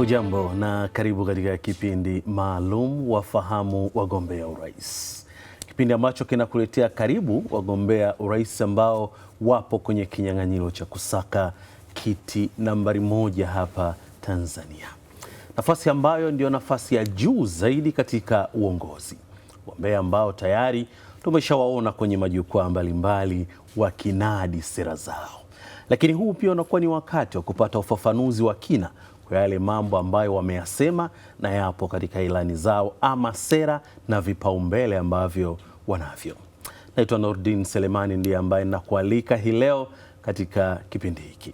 Hujambo na karibu katika kipindi maalum Wafahamu Wagombea Urais, kipindi ambacho kinakuletea karibu wagombea urais ambao wapo kwenye kinyang'anyiro cha kusaka kiti nambari moja hapa Tanzania, nafasi ambayo ndiyo nafasi ya juu zaidi katika uongozi, wagombea ambao tayari tumeshawaona kwenye majukwaa mbalimbali wakinadi sera zao, lakini huu pia unakuwa ni wakati wa kupata ufafanuzi wa kina kwa yale mambo ambayo wameyasema na yapo katika ilani zao ama sera na vipaumbele ambavyo wanavyo. Naitwa Nordin Selemani ndiye ambaye nakualika hii leo katika kipindi hiki.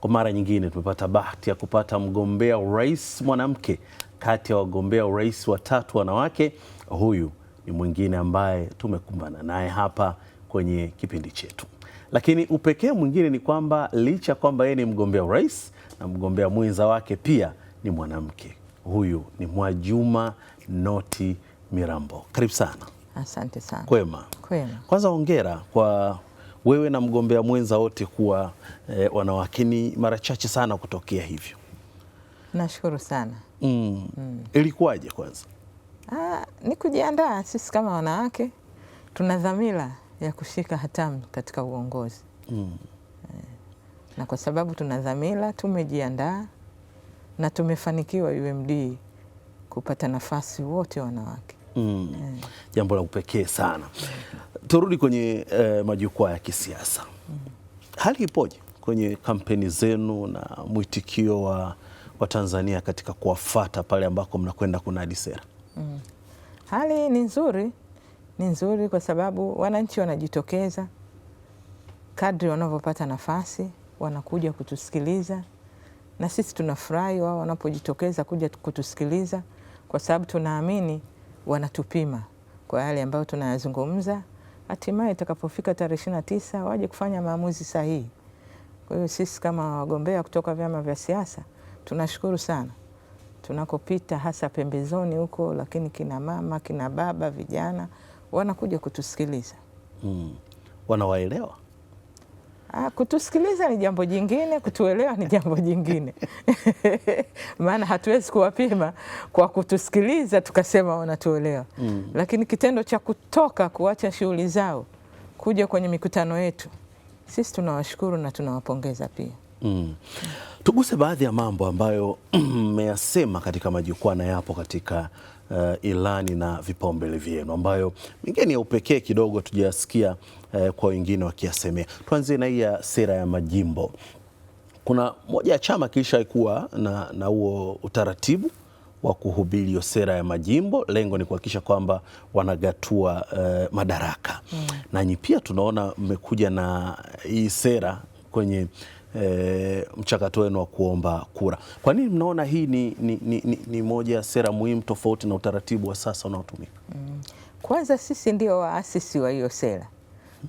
Kwa mara nyingine tumepata bahati ya kupata mgombea urais mwanamke kati ya wagombea urais watatu wanawake. Huyu ni mwingine ambaye tumekumbana naye hapa kwenye kipindi chetu, lakini upekee mwingine ni kwamba licha kwamba yeye ni mgombea urais na mgombea mwenza wake pia ni mwanamke. Huyu ni Mwajuma Noti Mirambo, karibu sana. Asante sana. Kwema, kwema. Kwanza hongera kwa wewe na mgombea mwenza wote kuwa eh, wanawake ni mara chache sana kutokea hivyo. Nashukuru sana. Mm. Mm. Ilikuwaje kwanza? Ah, ni kujiandaa sisi kama wanawake tuna dhamira ya kushika hatamu katika uongozi. Mm na kwa sababu tuna dhamira, tumejiandaa na tumefanikiwa UMD kupata nafasi wote wanawake mm. Yeah. Jambo la upekee sana. Turudi kwenye eh, majukwaa ya kisiasa mm. Hali ipoje kwenye kampeni zenu na mwitikio wa tanzania katika kuwafata pale ambako mnakwenda kunadi sera mm. Hali ni nzuri, ni nzuri kwa sababu wananchi wanajitokeza kadri wanavyopata nafasi wanakuja kutusikiliza na sisi tunafurahi wao wanapojitokeza kuja kutusikiliza, kwa sababu tunaamini wanatupima kwa yale ambayo tunayazungumza, hatimaye itakapofika tarehe ishirini na tisa waje kufanya maamuzi sahihi. Kwa hiyo sisi kama wagombea kutoka vyama vya siasa tunashukuru sana tunakopita, hasa pembezoni huko, lakini kina mama, kina baba, vijana wanakuja kutusikiliza mm. Wanawaelewa Ah, kutusikiliza ni jambo jingine, kutuelewa ni jambo jingine maana hatuwezi kuwapima kwa kutusikiliza tukasema wanatuelewa mm. Lakini kitendo cha kutoka kuacha shughuli zao kuja kwenye mikutano yetu sisi tunawashukuru na tunawapongeza pia mm. Tuguse baadhi ya mambo ambayo mmeyasema katika majukwaa na yapo katika uh, ilani na vipaumbele vyenu ambayo mingine ya upekee kidogo tujasikia eh, kwa wengine wakiyasemea. Tuanzie na hii ya sera ya majimbo. Kuna moja ya chama kilisha kuwa na huo utaratibu wa kuhubiri hiyo sera ya majimbo. Lengo ni kuhakikisha kwamba wanagatua eh, madaraka mm. Nanyi pia tunaona mmekuja na hii sera kwenye E, mchakato wenu wa kuomba kura. Kwa nini mnaona hii ni, ni, ni, ni moja ya sera muhimu tofauti na utaratibu wa sasa unaotumika? Mm. Kwanza sisi ndio waasisi wa hiyo sera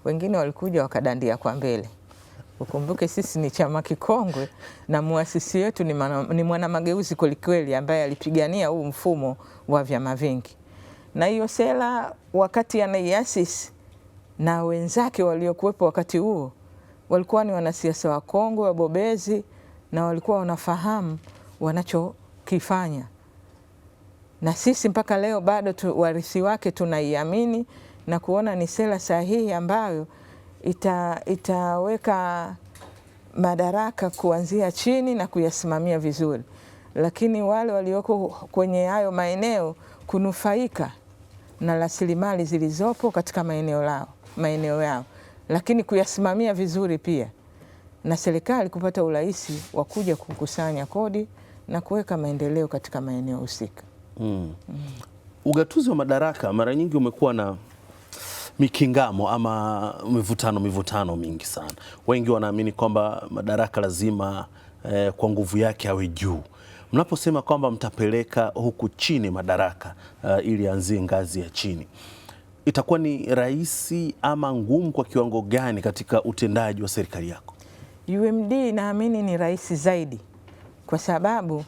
wengine walikuja wakadandia kwa mbele. Ukumbuke sisi ni chama kikongwe na muasisi wetu ni, ni mwanamageuzi kwelikweli ambaye alipigania huu mfumo wa vyama vingi, na hiyo sera wakati anaiasisi na wenzake waliokuwepo wakati huo walikuwa ni wanasiasa wakongwe wabobezi, na walikuwa wanafahamu wanachokifanya, na sisi mpaka leo bado tu, warithi wake tunaiamini na kuona ni sera sahihi ambayo ita, itaweka madaraka kuanzia chini na kuyasimamia vizuri, lakini wale walioko kwenye hayo maeneo kunufaika na rasilimali zilizopo katika maeneo lao, maeneo yao, lakini kuyasimamia vizuri pia, na serikali kupata urahisi wa kuja kukusanya kodi na kuweka maendeleo katika maeneo husika. Mm. Mm. Ugatuzi wa madaraka mara nyingi umekuwa na mikingamo ama mivutano mivutano mingi sana. Wengi wanaamini kwamba madaraka lazima eh, kwa nguvu yake awe juu. Mnaposema kwamba mtapeleka huku chini madaraka uh, ili anzie ngazi ya chini, itakuwa ni rahisi ama ngumu kwa kiwango gani katika utendaji wa serikali yako? UMD naamini ni rahisi zaidi, kwa sababu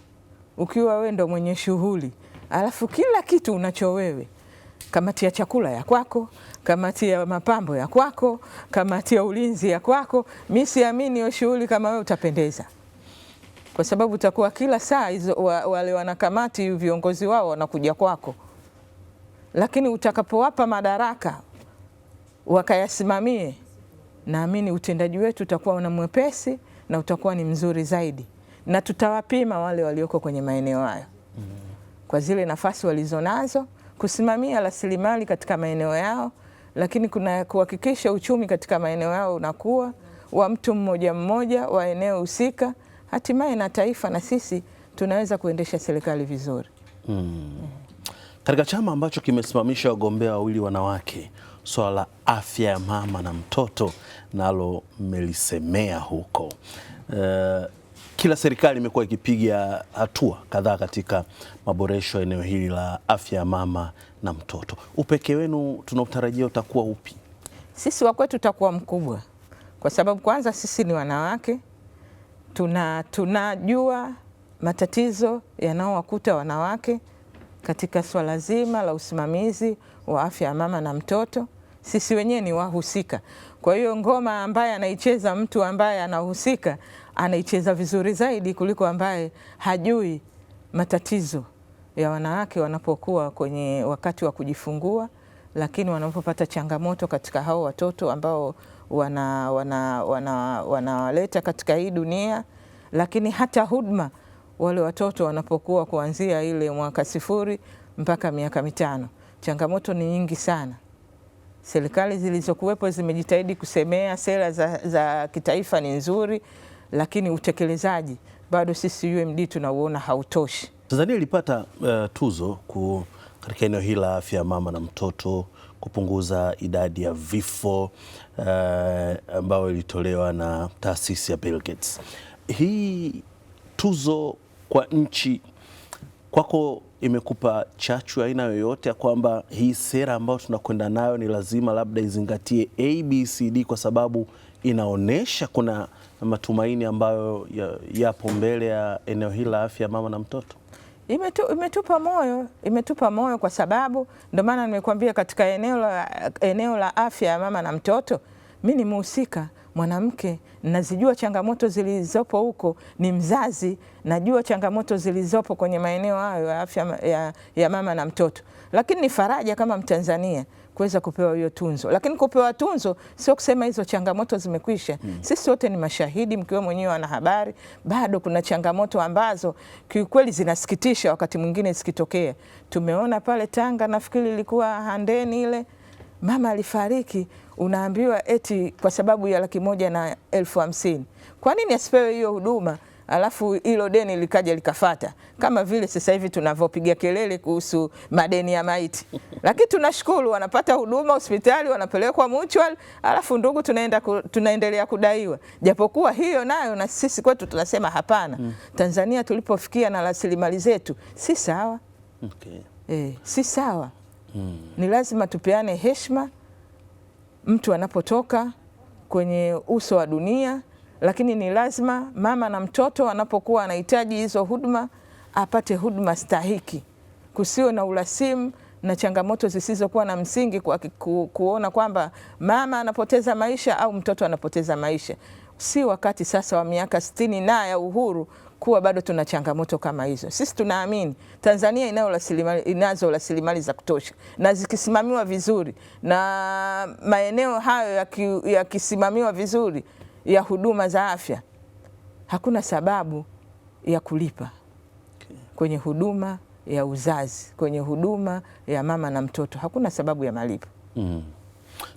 ukiwa wewe ndo mwenye shughuli alafu kila kitu unacho wewe kamati ya chakula ya kwako, kamati ya mapambo ya kwako, kamati ya ulinzi ya kwako. Mi siamini hiyo shughuli kama wewe utapendeza, kwa sababu utakuwa kila saa hizo wale wanakamati viongozi wao wanakuja kwako, lakini utakapowapa madaraka wakayasimamie, naamini utendaji wetu utakuwa una mwepesi na utakuwa ni mzuri zaidi, na tutawapima wale walioko kwenye maeneo hayo mm-hmm. kwa zile nafasi walizonazo kusimamia rasilimali katika maeneo yao, lakini kuna kuhakikisha uchumi katika maeneo yao unakuwa wa mtu mmoja mmoja wa eneo husika, hatimaye na taifa na sisi tunaweza kuendesha serikali vizuri. Mm. Mm. Katika chama ambacho kimesimamisha wagombea wawili wanawake, swala la afya ya mama na mtoto nalo mmelisemea huko. Uh, kila serikali imekuwa ikipiga hatua kadhaa katika maboresho ya eneo hili la afya ya mama na mtoto. Upekee wenu tunautarajia utakuwa upi? Sisi wakwetu utakuwa mkubwa, kwa sababu kwanza sisi ni wanawake, tuna tunajua matatizo yanayowakuta wanawake katika swala zima la usimamizi wa afya ya mama na mtoto. Sisi wenyewe ni wahusika, kwa hiyo ngoma ambaye anaicheza mtu ambaye anahusika anaicheza vizuri zaidi kuliko ambaye hajui matatizo ya wanawake wanapokuwa kwenye wakati wa kujifungua, lakini wanapopata changamoto katika hao watoto ambao wanawaleta wana, wana, wana katika hii dunia, lakini hata huduma wale watoto wanapokuwa kuanzia ile mwaka sifuri mpaka miaka mitano. Changamoto ni nyingi sana. Serikali zilizokuwepo zimejitahidi kusemea, sera za, za kitaifa ni nzuri lakini utekelezaji bado sisi UMD tunauona hautoshi. Tanzania ilipata uh, tuzo ku, katika eneo hili la afya ya mama na mtoto kupunguza idadi ya vifo uh, ambayo ilitolewa na taasisi ya Bill Gates. Hii tuzo kwa nchi kwako imekupa chachu aina yoyote ya kwamba hii sera ambayo tunakwenda nayo ni lazima labda izingatie ABCD kwa sababu inaonyesha kuna matumaini ambayo yapo ya mbele ya eneo hili la afya ya mama na mtoto? Imetu, imetupa moyo imetupa moyo kwa sababu ndio maana nimekuambia katika eneo la, eneo la afya ya mama na mtoto mi ni muhusika mwanamke, nazijua changamoto zilizopo huko, ni mzazi, najua changamoto zilizopo kwenye maeneo hayo ya afya ya, ya mama na mtoto, lakini ni faraja kama Mtanzania kuweza kupewa hiyo tunzo. Lakini kupewa tunzo sio kusema hizo changamoto zimekwisha. Mm. Sisi wote ni mashahidi, mkiwa mwenyewe wanahabari, bado kuna changamoto ambazo kiukweli zinasikitisha, wakati mwingine zikitokea. Tumeona pale Tanga, nafikiri ilikuwa Handeni ile mama alifariki, unaambiwa eti kwa sababu ya laki moja na elfu hamsini. Kwa nini asipewe hiyo huduma? alafu hilo deni likaja likafata, kama vile sasa hivi tunavyopiga kelele kuhusu madeni ya maiti. Lakini tunashukuru wanapata huduma hospitali, wanapelekwa mutual, alafu ndugu, tunaenda ku, tunaendelea kudaiwa, japokuwa hiyo nayo na sisi kwetu tunasema hapana. hmm. Tanzania tulipofikia na rasilimali zetu si sawa. okay. E, si sawa. hmm. Ni lazima tupeane heshima mtu anapotoka kwenye uso wa dunia lakini ni lazima mama na mtoto anapokuwa anahitaji hizo huduma apate huduma stahiki, kusio na urasimu na changamoto zisizokuwa na msingi kwa ku, kuona kwamba mama anapoteza maisha au mtoto anapoteza maisha. Si wakati sasa wa miaka sitini na ya uhuru kuwa bado tuna changamoto kama hizo. Sisi tunaamini Tanzania inayo rasilimali, inazo rasilimali za kutosha na zikisimamiwa vizuri na maeneo hayo yakisimamiwa ya vizuri ya huduma za afya, hakuna sababu ya kulipa kwenye huduma ya uzazi, kwenye huduma ya mama na mtoto, hakuna sababu ya malipo mm.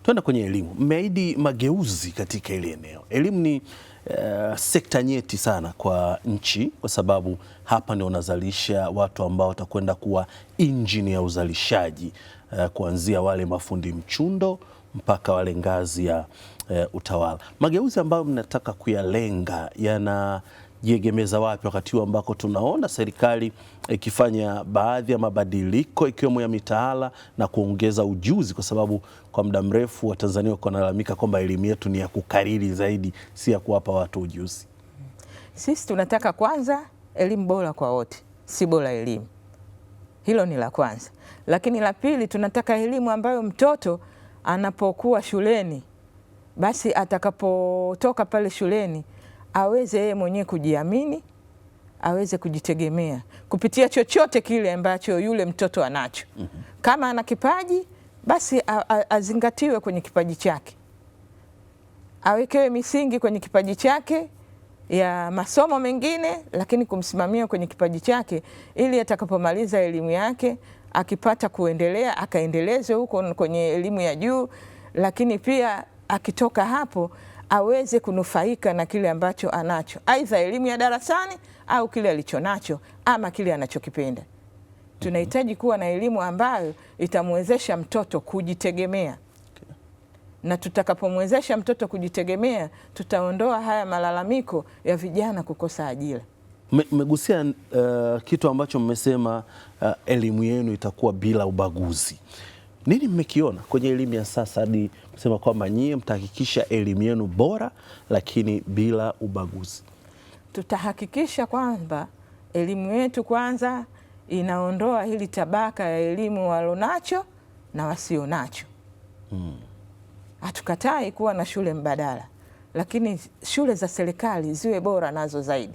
Tuenda kwenye elimu. Mmeahidi mageuzi katika ile eneo. Elimu ni uh, sekta nyeti sana kwa nchi, kwa sababu hapa ndio wanazalisha watu ambao watakwenda kuwa injini ya uzalishaji uh, kuanzia wale mafundi mchundo mpaka wale ngazi ya uh, utawala. Mageuzi ambayo mnataka kuyalenga yana jiegemeza wapi, wakati huu ambako tunaona serikali ikifanya baadhi ya mabadiliko ikiwemo ya mitaala na kuongeza ujuzi, kwa sababu kwa muda mrefu Watanzania walikuwa wanalalamika kwamba elimu yetu ni ya kukariri zaidi, si ya kuwapa watu ujuzi. Sisi tunataka kwanza elimu bora kwa wote, si bora elimu hilo ni la kwanza, lakini la pili tunataka elimu ambayo mtoto anapokuwa shuleni basi atakapotoka pale shuleni aweze yeye mwenyewe kujiamini, aweze kujitegemea kupitia chochote kile ambacho yule mtoto anacho. mm -hmm. Kama ana kipaji basi azingatiwe kwenye kipaji chake, awekewe misingi kwenye kipaji chake ya masomo mengine, lakini kumsimamia kwenye kipaji chake ili atakapomaliza elimu yake akipata kuendelea akaendeleze huko kwenye elimu ya juu, lakini pia akitoka hapo aweze kunufaika na kile ambacho anacho, aidha elimu ya darasani au kile alichonacho ama kile anachokipenda. Tunahitaji kuwa na elimu ambayo itamwezesha mtoto kujitegemea na tutakapomwezesha mtoto kujitegemea tutaondoa haya malalamiko ya vijana kukosa ajira. Mmegusia uh, kitu ambacho mmesema uh, elimu yenu itakuwa bila ubaguzi. Nini mmekiona kwenye elimu ya sasa hadi sema kwamba nyie mtahakikisha elimu yenu bora, lakini bila ubaguzi. Tutahakikisha kwamba elimu yetu kwanza inaondoa hili tabaka ya elimu walonacho na wasionacho. Hmm. Hatukatai hmm, kuwa na shule mbadala, lakini shule za serikali ziwe bora nazo zaidi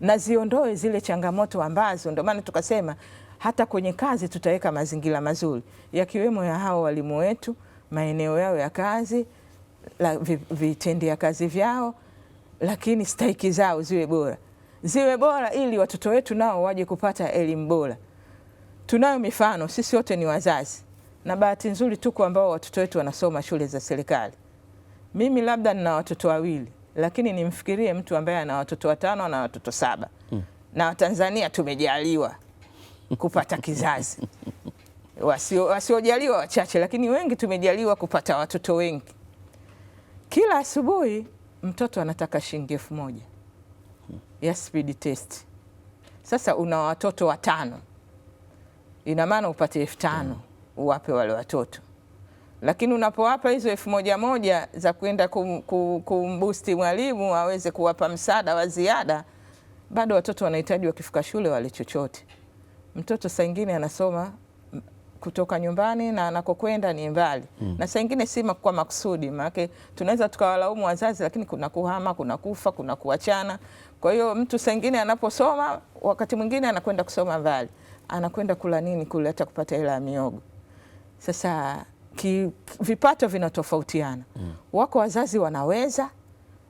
na ziondoe zile changamoto ambazo, ndio maana tukasema hata kwenye kazi tutaweka mazingira mazuri yakiwemo ya hao walimu wetu maeneo yao ya kazi, vitendea kazi vyao, lakini stahiki zao ziwe bora, ziwe bora ili watoto wetu nao waje kupata elimu bora. Tunayo mifano sisi wote ni wazazi, na bahati nzuri tuko ambao watoto wetu wanasoma shule za serikali. Mimi labda nina watoto wawili, lakini nimfikirie mtu ambaye ana watoto watano na watoto saba Hmm. na Watanzania tumejaliwa kupata kizazi wasiojaliwa wachache, lakini wengi tumejaliwa kupata watoto wengi. Kila asubuhi mtoto anataka shilingi elfu moja ya speed test. Sasa una watoto watano, ina maana upate elfu tano uwape wale watoto, lakini unapowapa hizo elfu moja moja za kwenda kum, kum, kumbusti mwalimu aweze kuwapa msaada wa ziada, bado watoto wanahitaji wakifika shule wale chochote. Mtoto saa ingine anasoma kutoka nyumbani na anakokwenda ni mbali mm. na saa ingine si kwa makusudi, maanake tunaweza tukawalaumu wazazi, lakini kuna kuhama, kuna kufa, kuna kuachana. Kwa hiyo mtu saa ingine anaposoma, wakati mwingine anakwenda kusoma mbali, anakwenda kula nini kule, hata kupata hela ya miogo. Sasa ki, vipato vinatofautiana mm. wako wazazi wanaweza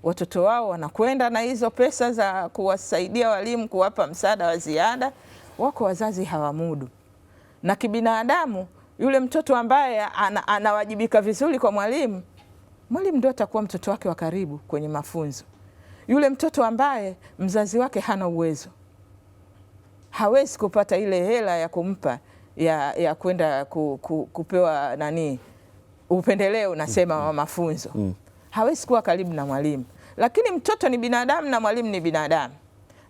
watoto wao wanakwenda na hizo pesa za kuwasaidia walimu, kuwapa msaada wa ziada. Wako wazazi hawamudu na kibinadamu, yule mtoto ambaye ana, anawajibika vizuri kwa mwalimu, mwalimu ndio atakuwa mtoto wake wa karibu kwenye mafunzo. Yule mtoto ambaye mzazi wake hana uwezo, hawezi kupata ile hela ya kumpa ya, ya kwenda ku, ku, kupewa nani upendeleo nasema wa mm -hmm. mafunzo mm -hmm. hawezi kuwa karibu na mwalimu, lakini mtoto ni binadamu na mwalimu ni binadamu.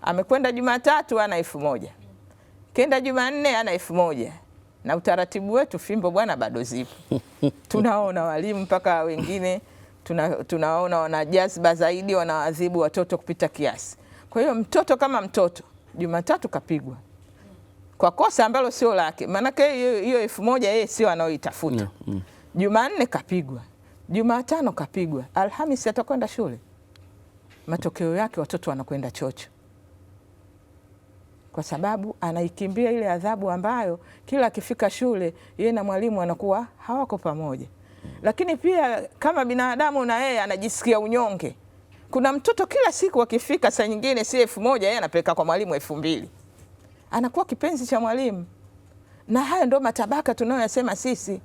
Amekwenda Jumatatu ana elfu moja kenda Jumanne ana elfu moja na utaratibu wetu fimbo bwana bado zipo. Tunaona walimu mpaka wengine tuna, tunaona wana jazba zaidi, wanawadhibu watoto kupita kiasi. Kwa hiyo mtoto kama mtoto Jumatatu kapigwa kwa kosa ambalo sio lake, maanake hiyo elfu moja yeye sio anaoitafuta mm, mm. Jumanne kapigwa, Jumatano kapigwa, Alhamisi atakwenda shule, matokeo yake watoto wanakwenda chocho kwa sababu anaikimbia ile adhabu ambayo kila akifika shule yeye na mwalimu anakuwa hawako pamoja. Lakini pia kama binadamu na yeye anajisikia unyonge. Kuna mtoto kila siku akifika, saa nyingine si elfu moja yeye anapeleka kwa mwalimu elfu mbili anakuwa kipenzi cha mwalimu. Na haya ndo matabaka tunayoyasema sisi,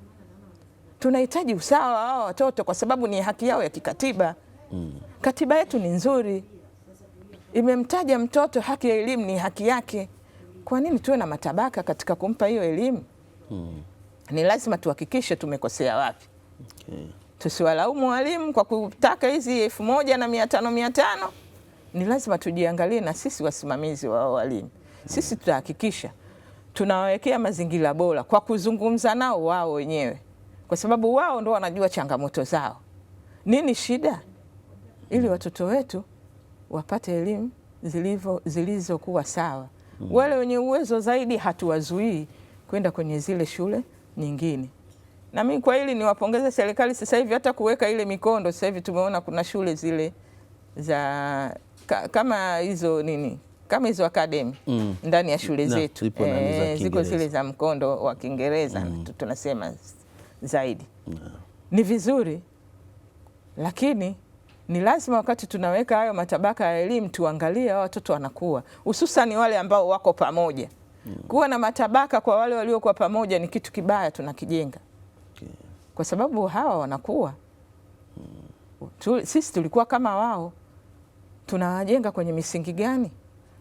tunahitaji usawa wao watoto, kwa sababu ni haki yao ya kikatiba. Mm. Katiba yetu ni nzuri imemtaja mtoto, haki ya elimu ni haki yake. Kwa nini tuwe na matabaka katika kumpa hiyo elimu? hmm. Ni lazima tuhakikishe tumekosea wapi. okay. Tusiwalaumu walimu kwa kutaka hizi elfu moja na mia tano mia tano. Ni lazima tujiangalie na sisi wasimamizi wa walimu, sisi tutahakikisha tunawawekea mazingira bora kwa kuzungumza nao wao wenyewe, kwa sababu wao ndo wanajua changamoto zao, nini shida, ili watoto wetu wapate elimu zilizokuwa sawa. Mm. Wale wenye uwezo zaidi hatuwazuii kwenda kwenye zile shule nyingine. Na mimi kwa hili niwapongeze serikali sasa hivi hata kuweka ile mikondo. Sasa hivi tumeona kuna shule zile za ka, kama hizo nini kama hizo academy mm. ndani ya shule na, zetu e, ziko zile za mkondo wa Kiingereza mm. tunasema zaidi na. Ni vizuri lakini ni lazima wakati tunaweka hayo matabaka ya elimu tuangalie hao watoto wanakuwa, hususan wale ambao wako pamoja. Mm. Kuwa na matabaka kwa wale waliokuwa pamoja ni kitu kibaya tunakijenga, kwa sababu hawa wanakuwa mm. tu, sisi tulikuwa kama wao. Tunawajenga kwenye misingi gani?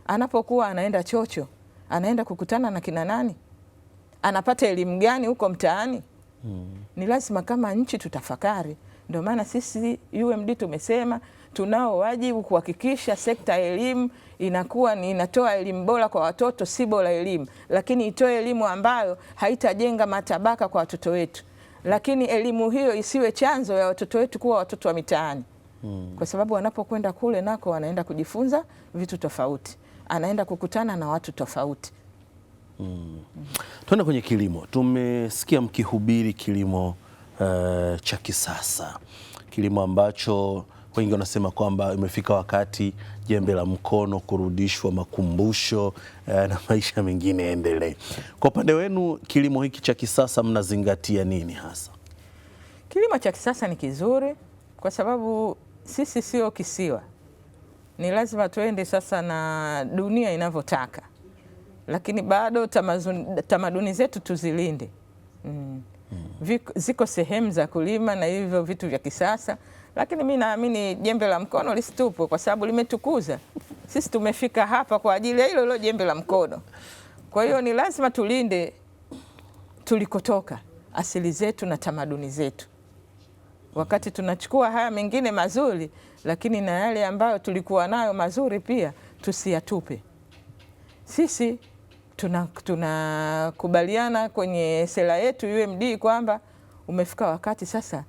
Anapokuwa anaenda chocho, anaenda kukutana na kina nani? Anapata elimu gani huko mtaani? Mm. Ni lazima kama nchi tutafakari. Ndio maana sisi UMD tumesema tunao wajibu kuhakikisha sekta ya elimu inakuwa ni inatoa elimu bora kwa watoto, si bora elimu, lakini itoe elimu ambayo haitajenga matabaka kwa watoto wetu, lakini elimu hiyo isiwe chanzo ya watoto wetu kuwa watoto wa mitaani hmm. Kwa sababu wanapokwenda kule nako wanaenda kujifunza vitu tofauti, anaenda kukutana na watu tofauti hmm. Tuende kwenye kilimo. Tumesikia mkihubiri kilimo Eh, cha kisasa, kilimo ambacho wengi wanasema kwamba imefika wakati jembe la mkono kurudishwa makumbusho eh, na maisha mengine yaendelee. Kwa upande wenu, kilimo hiki cha kisasa mnazingatia nini hasa? Kilimo cha kisasa ni kizuri kwa sababu sisi sio kisiwa, ni lazima tuende sasa na dunia inavyotaka, lakini bado tamaduni zetu tuzilinde. mm viko, ziko sehemu za kulima na hivyo vitu vya kisasa, lakini mi naamini jembe la mkono lisitupwe kwa sababu limetukuza. Sisi tumefika hapa kwa ajili ya hilo hilo jembe la mkono. Kwa hiyo ni lazima tulinde tulikotoka, asili zetu na tamaduni zetu, wakati tunachukua haya mengine mazuri, lakini na yale ambayo tulikuwa nayo mazuri pia tusiyatupe sisi tunakubaliana tuna kwenye sera yetu UMD kwamba umefika wakati sasa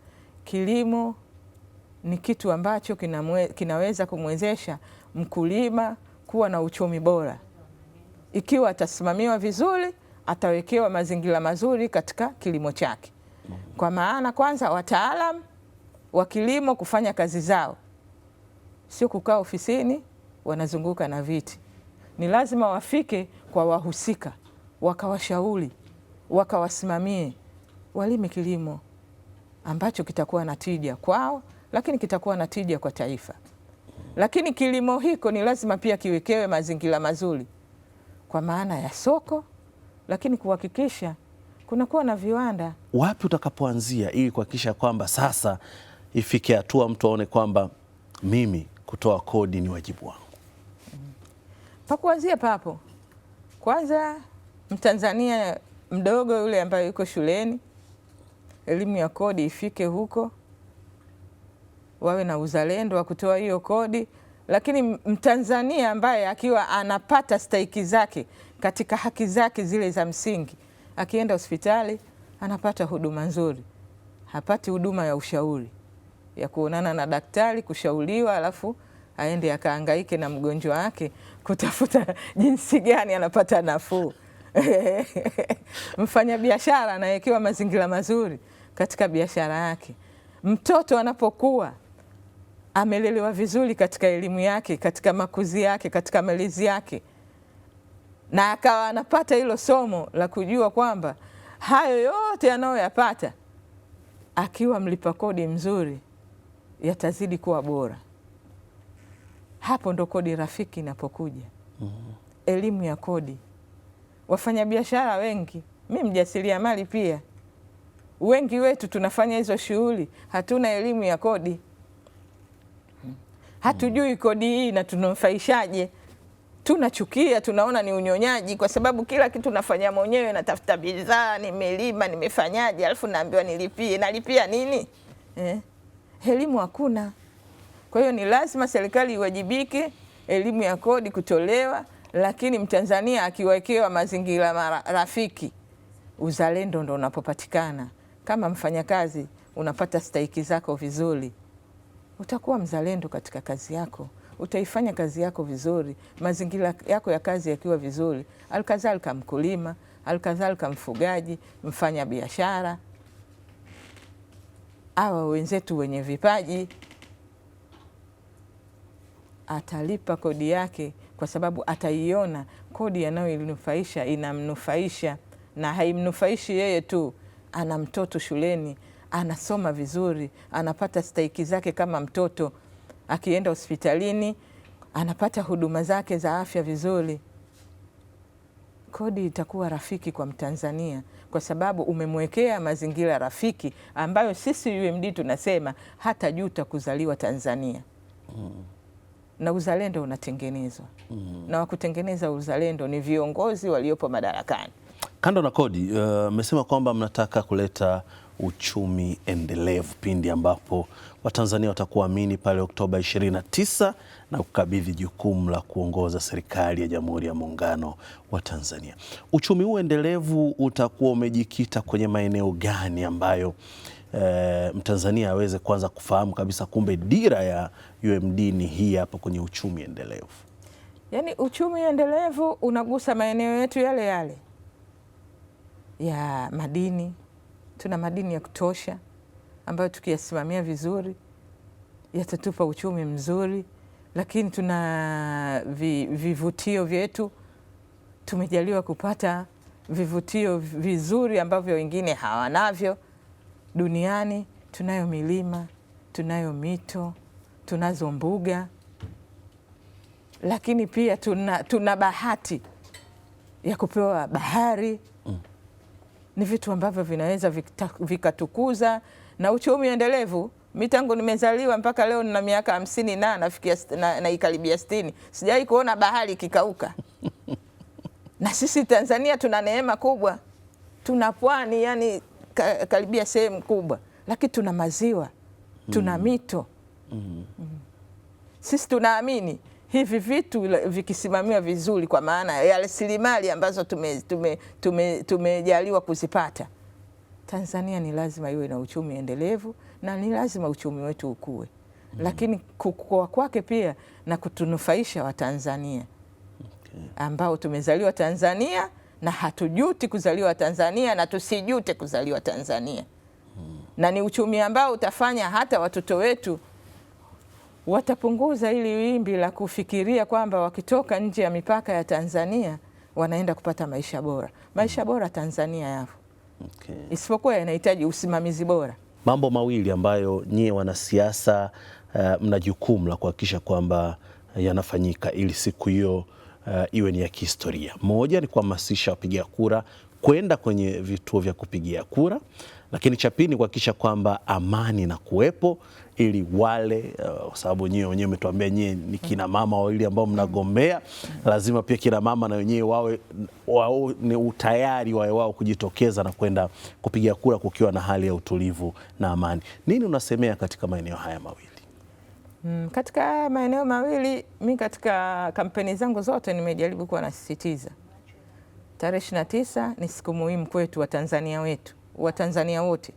kilimo ni kitu ambacho kinamwe, kinaweza kumwezesha mkulima kuwa na uchumi bora ikiwa atasimamiwa vizuri, atawekewa mazingira mazuri katika kilimo chake, kwa maana kwanza wataalam wa kilimo kufanya kazi zao, sio kukaa ofisini wanazunguka na viti, ni lazima wafike kwa wahusika, wakawashauri, wakawasimamie walime kilimo ambacho kitakuwa na tija kwao, lakini kitakuwa na tija kwa taifa. Lakini kilimo hiko ni lazima pia kiwekewe mazingira mazuri kwa maana ya soko, lakini kuhakikisha kunakuwa na viwanda. Wapi utakapoanzia ili kuhakikisha kwamba sasa ifike hatua mtu aone kwamba mimi kutoa kodi ni wajibu wangu? Pakuanzia papo. Kwanza Mtanzania mdogo yule ambaye yuko shuleni, elimu ya kodi ifike huko, wawe na uzalendo wa kutoa hiyo kodi. Lakini Mtanzania ambaye akiwa anapata stahiki zake katika haki zake zile za msingi, akienda hospitali anapata huduma nzuri, hapati huduma ya ushauri ya kuonana na daktari kushauriwa, alafu aende akaangaike na mgonjwa wake kutafuta jinsi gani anapata nafuu. Mfanyabiashara anawekewa mazingira mazuri katika biashara yake. Mtoto anapokuwa amelelewa vizuri katika elimu yake, katika makuzi yake, katika malezi yake, na akawa anapata hilo somo la kujua kwamba hayo yote anayoyapata akiwa mlipa kodi mzuri yatazidi kuwa bora. Hapo ndo kodi rafiki inapokuja. mm -hmm. Elimu ya kodi, wafanyabiashara wengi, mi mjasiriamali pia, wengi wetu tunafanya hizo shughuli, hatuna elimu ya kodi, mm-hmm. hatujui kodi hii na tunamfaishaje tunachukia tunaona ni unyonyaji, kwa sababu kila kitu nafanya mwenyewe, natafuta bidhaa, nimelima, nimefanyaje, alafu naambiwa nilipie. Nalipia nini eh? Elimu hakuna. Kwa hiyo ni lazima serikali iwajibike, elimu ya kodi kutolewa, lakini mtanzania akiwekewa mazingira rafiki, uzalendo ndo unapopatikana. Kama mfanyakazi unapata stahiki zako vizuri, utakuwa mzalendo katika kazi yako, utaifanya kazi yako vizuri, mazingira yako ya kazi yakiwa vizuri. Alkadhalika mkulima, alkadhalika mfugaji, mfanya biashara, hawa wenzetu wenye vipaji atalipa kodi yake kwa sababu ataiona kodi anayoinufaisha inamnufaisha na haimnufaishi yeye tu, ana mtoto shuleni, anasoma vizuri, anapata stahiki zake kama mtoto, akienda hospitalini anapata huduma zake za afya vizuri. Kodi itakuwa rafiki kwa Mtanzania kwa sababu umemwekea mazingira rafiki ambayo sisi UMD tunasema hata juta kuzaliwa Tanzania. mm na uzalendo unatengenezwa mm. na wakutengeneza uzalendo ni viongozi waliopo madarakani. Kando na kodi, uh, mmesema uh, kwamba mnataka kuleta uchumi endelevu pindi ambapo Watanzania watakuamini pale Oktoba 29 na kukabidhi jukumu la kuongoza serikali ya Jamhuri ya Muungano wa Tanzania. Uchumi huu endelevu utakuwa umejikita kwenye maeneo gani ambayo Eh, Mtanzania aweze kwanza kufahamu kabisa kumbe dira ya UMD ni hii hapa kwenye uchumi endelevu. Yaani uchumi endelevu unagusa maeneo yetu yale yale ya madini. Tuna madini ya kutosha ambayo tukiyasimamia vizuri yatatupa uchumi mzuri, lakini tuna vi, vivutio vyetu. Tumejaliwa kupata vivutio vizuri ambavyo wengine hawanavyo, Duniani tunayo milima, tunayo mito, tunazo mbuga, lakini pia tuna, tuna bahati ya kupewa bahari mm. Ni vitu ambavyo vinaweza vikatukuza na uchumi endelevu. Mi tangu nimezaliwa mpaka leo nina miaka hamsini na nafikia na, naikaribia sitini, sijawahi kuona bahari ikikauka na sisi Tanzania tuna neema kubwa, tuna pwani yani karibia sehemu kubwa, lakini tuna maziwa tuna mm. mito mm -hmm. Sisi tunaamini hivi vitu vikisimamiwa vizuri, kwa maana ya rasilimali ambazo tumejaliwa tume, tume, tume kuzipata, Tanzania ni lazima iwe na uchumi endelevu na ni lazima uchumi wetu ukue mm -hmm. Lakini kukua kwake pia na kutunufaisha Watanzania okay. ambao tumezaliwa Tanzania na hatujuti kuzaliwa Tanzania na tusijute kuzaliwa Tanzania hmm. Na ni uchumi ambao utafanya hata watoto wetu watapunguza ili wimbi la kufikiria kwamba wakitoka nje ya mipaka ya Tanzania wanaenda kupata maisha bora. Maisha mm. bora Tanzania yapo, okay. Isipokuwa yanahitaji usimamizi bora. Mambo mawili ambayo nyie wanasiasa uh, mna jukumu la kuhakikisha kwamba eh, yanafanyika ili siku hiyo uh, iwe ni ya kihistoria. Moja ni kuhamasisha wapiga kura kwenda kwenye vituo vya kupigia kura, lakini cha pili ni kuhakikisha kwamba amani na kuwepo ili wale uh, kwa uh, sababu nyewe wenyewe umetuambia nyewe ni kina mama wawili ambao mnagombea, lazima pia kina mama na wenyewe wawe wao ni utayari wawe wao kujitokeza na kwenda kupiga kura kukiwa na hali ya utulivu na amani. Nini unasemea katika maeneo haya mawili? Mm, katika maeneo mawili mi katika kampeni zangu zote nimejaribu kuwa nasisitiza tarehe ishirini na tisa ni siku muhimu kwetu Watanzania wetu Watanzania wote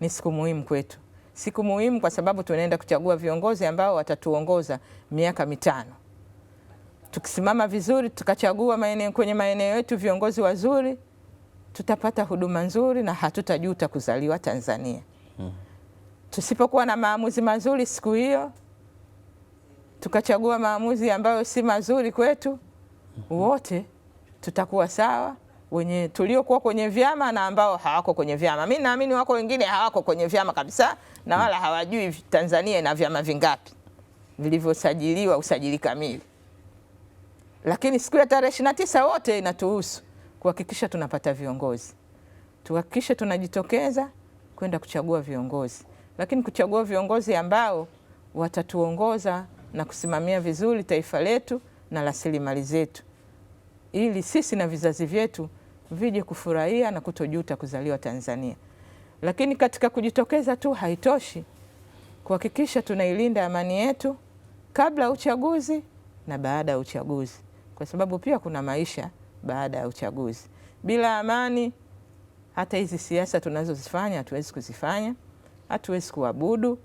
ni siku muhimu kwetu, siku muhimu kwa sababu tunaenda kuchagua viongozi ambao watatuongoza miaka mitano. Tukisimama vizuri, tukachagua maeneo kwenye maeneo yetu viongozi wazuri, tutapata huduma nzuri na hatutajuta kuzaliwa Tanzania. Mm. Tusipokuwa na maamuzi mazuri siku hiyo tukachagua maamuzi ambayo si mazuri kwetu wote, tutakuwa sawa wenye tuliokuwa kwenye vyama na ambao hawako kwenye vyama. Mimi naamini wako wengine hawako kwenye vyama kabisa na wala hawajui Tanzania ina vyama vingapi vilivyosajiliwa usajili kamili, lakini siku ya tarehe ishirini na tisa wote inatuhusu kuhakikisha tunapata viongozi, tuhakikishe tunajitokeza kwenda kuchagua viongozi, lakini kuchagua viongozi ambao watatuongoza na kusimamia vizuri taifa letu na rasilimali zetu ili sisi na vizazi vyetu vije kufurahia na kutojuta kuzaliwa Tanzania. Lakini katika kujitokeza tu haitoshi, kuhakikisha tunailinda amani yetu kabla ya uchaguzi na baada ya uchaguzi, kwa sababu pia kuna maisha baada ya uchaguzi. Bila amani, hata hizi siasa tunazozifanya hatuwezi kuzifanya, hatuwezi kuabudu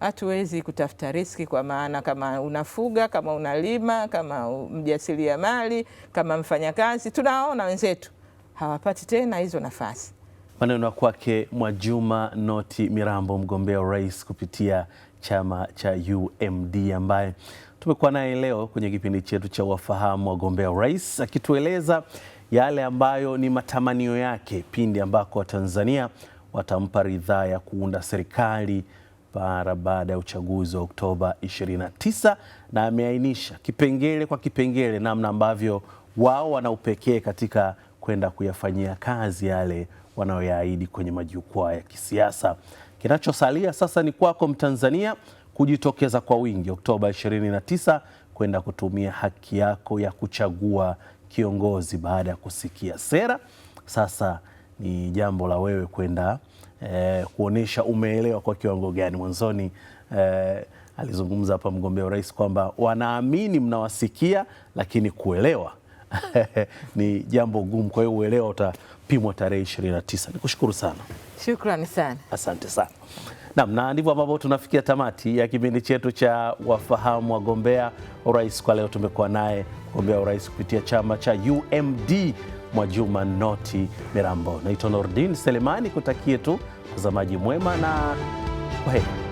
hatuwezi kutafuta riski, kwa maana kama unafuga, kama unalima, kama mjasiriamali, kama mfanyakazi, tunaona wenzetu hawapati tena hizo nafasi. Maneno kwake Mwajuma Noti Mirambo, mgombea urais kupitia chama cha UMD, ambaye tumekuwa naye leo kwenye kipindi chetu cha Wafahamu Wagombea Urais, akitueleza yale ambayo ni matamanio yake pindi ambako Watanzania watampa ridhaa ya kuunda serikali mara baada ya uchaguzi wa Oktoba 29 na ameainisha kipengele kwa kipengele namna ambavyo wao wana upekee katika kwenda kuyafanyia kazi yale wanayoyaahidi kwenye majukwaa ya kisiasa. Kinachosalia sasa ni kwako Mtanzania kujitokeza kwa wingi Oktoba 29 kwenda kutumia haki yako ya kuchagua kiongozi baada ya kusikia sera sasa ni jambo la wewe kwenda eh, kuonesha umeelewa kwa kiwango gani. Mwanzoni eh, alizungumza hapa mgombea urais kwamba wanaamini mnawasikia, lakini kuelewa ni jambo gumu. Kwa hiyo uelewa utapimwa tarehe 29. Nikushukuru sana, shukrani sana, asante sana nam. Na ndivyo ambavyo tunafikia tamati ya kipindi chetu cha wafahamu wagombea urais kwa leo. Tumekuwa naye mgombea urais kupitia chama cha UMD mwa Juma Noti Mirambo. Naitwa Nordin Selemani, kutakie tu mtazamaji mwema na kwaheri.